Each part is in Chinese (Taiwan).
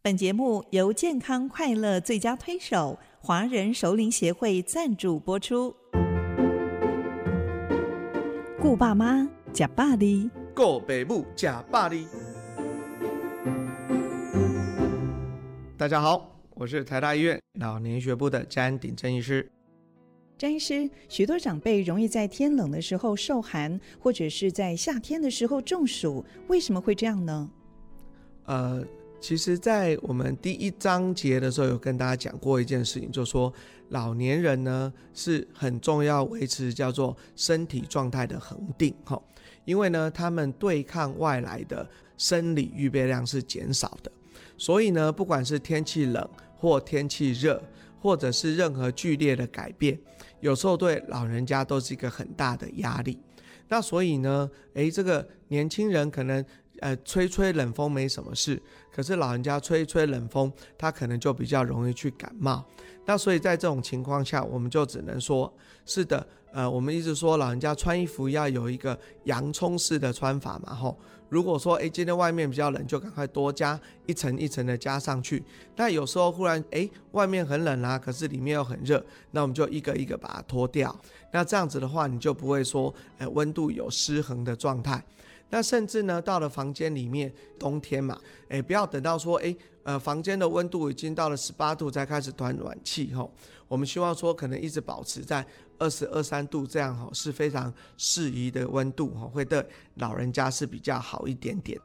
本節目由健康快樂最佳推手華人熟齡協會贊助播出。顧爸媽，假爸的，顧爸母，假爸的。大家好，我是台大醫院老年學部的詹鼎正醫師。詹醫師，許多長輩容易在天冷的時候受寒，或者是在夏天的時候中暑，為什麼會這樣呢？呃。其實，在我們第一章節的時候，有跟大家講過一件事情，就是說老年人呢是很重要維持叫做身體狀態的恆定吼，因為呢他們對抗外來的生理預備量是減少的，所以呢不管是天氣冷或天氣熱，或者是任何劇烈的改變，有時候對老人家都是一個很大的壓力。那所以呢，誒，這個年輕人可能。呃，吹吹冷風沒什麼事，可是老人家吹吹冷風，他可能就比較容易去感冒。那所以在這種情況下，我們就只能說，是的，呃，我們一直說老人家穿衣服要有一個洋蔥式的穿法嘛，吼、哦。如果說，哎，今天外面比較冷，就趕快多加一層一層的加上去。那有時候忽然，哎，外面很冷啊，可是裡面又很熱，那我們就一個一個把它脫掉。那這樣子的話，你就不會說，呃，溫度有失衡的狀態。那甚至呢，到了房間裡面，冬天嘛，哎，不要等到說，哎，呃，房間的溫度已經到了十八度才開始開暖氣吼。我們希望說，可能一直保持在二十二三度這樣吼，是非常適宜的溫度哈，會對老人家是比較好一點點。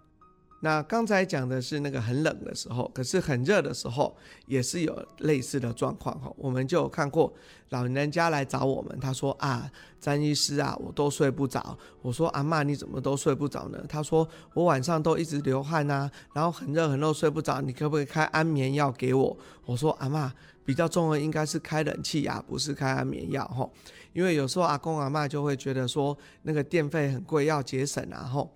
那剛才講的是那個很冷的時候，可是很熱的時候也是有類似的狀況哈。我們就有看過老人家來找我們，他說啊，詹醫師啊，我都睡不着。我說阿媽你怎麼都睡不着呢？他說我晚上都一直流汗啊，然後很熱很熱睡不着，你可不可以開安眠藥給我？我說阿媽比較重要應該是開冷氣啊，不是開安眠藥吼，因為有時候阿公阿媽就會覺得說那個電費很貴要節省啊哈。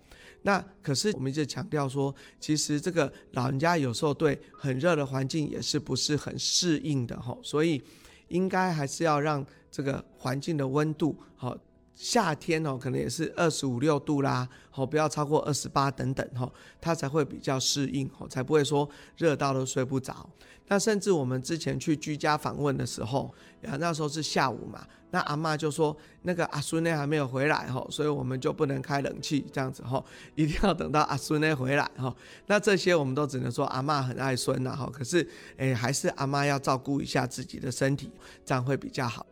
那可是我們一直強調說，其實這個老人家有時候對很熱的環境也是不是很適應的吼，所以應該還是要讓這個環境的溫度好。夏天哦，可能也是二十五六度啦，哦，不要超過二十八等等吼，他、哦、才會比較適應吼、哦，才不會說熱到都睡不着。那甚至我們之前去居家訪問的時候，啊、那時候是下午嘛，那阿嬤就說那個阿孫呢還沒有回來吼、哦，所以我們就不能開冷氣這樣子吼、哦，一定要等到阿孫呢回來吼、哦。那這些我們都只能說阿嬤很愛孫了吼、哦，可是誒，還是阿嬤要照顧一下自己的身體，這樣會比較好。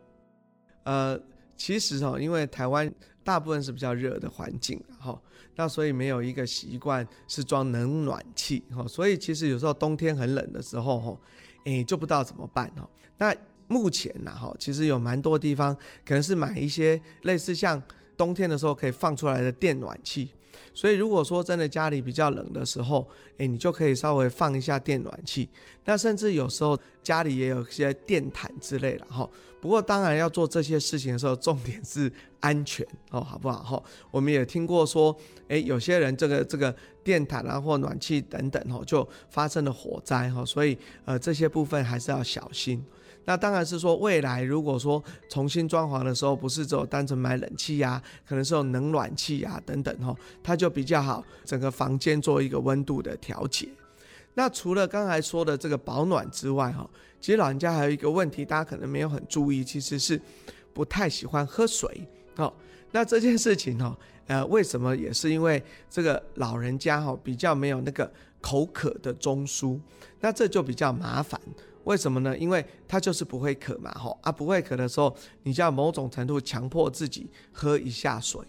呃。其實哈，因為台灣大部分是比較熱的環境哈，那所以沒有一個習慣是裝冷暖氣哈，所以其實有時候冬天很冷的時候哈，哎就不知道怎麼辦哈。那目前呢哈，其實有蠻多地方可能是買一些類似像冬天的時候可以放出來的電暖器。所以，如果說真的家裡比較冷的時候，哎，你就可以稍微放一下電暖氣。那甚至有時候家裡也有一些電毯之類的哈。不過，當然要做這些事情的時候，重點是安全哦，好不好哈？我們也聽過說，哎，有些人這個這個電毯啊或暖氣等等哦，就發生了火災哈。所以，呃，這些部分還是要小心。那當然是說，未來如果說重新裝潢的時候，不是只有單純買冷氣呀、啊，可能是有冷暖氣呀、啊、等等哈、哦，它就比較好，整個房間做一個溫度的調節。那除了剛才說的這個保暖之外哈、哦，其實老人家還有一個問題，大家可能沒有很注意，其實是不太喜歡喝水哦。那這件事情哈、哦，呃，為什麼也是因為這個老人家哈、哦、比較沒有那個口渴的中樞，那這就比較麻煩。為什麼呢？因為他就是不會渴嘛，吼啊，不會渴的時候，你就要某種程度強迫自己喝一下水。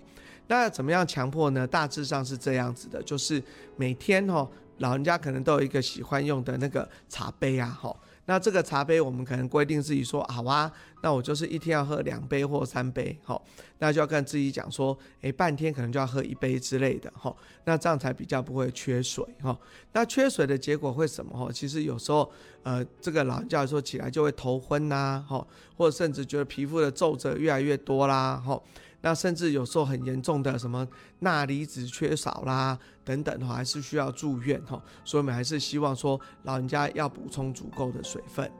那怎麼樣強迫呢？大致上是這樣子的，就是每天哈老人家可能都有一個喜歡用的那個茶杯啊，吼。那這個茶杯，我們可能規定自己說好啊，那我就是一天要喝兩杯或三杯，好、哦，那就要跟自己講說，哎，半天可能就要喝一杯之類的，哈、哦，那這樣才比較不會缺水，哈、哦，那缺水的結果會什麼、哦？其實有時候，呃，這個老人家來說起來就會頭昏吶、啊，哈、哦，或者甚至覺得皮膚的皺褶越來越多啦，哈、哦。那甚至有時候很嚴重的，什麼鈉離子缺少啦，等等，還是需要住院哈。所以，我們還是希望說，老人家要補充足夠的水分。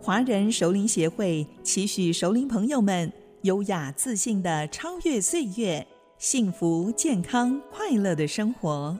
華人熟齡協會期許熟齡朋友們優雅自信的超越歲月，幸福健康快樂的生活。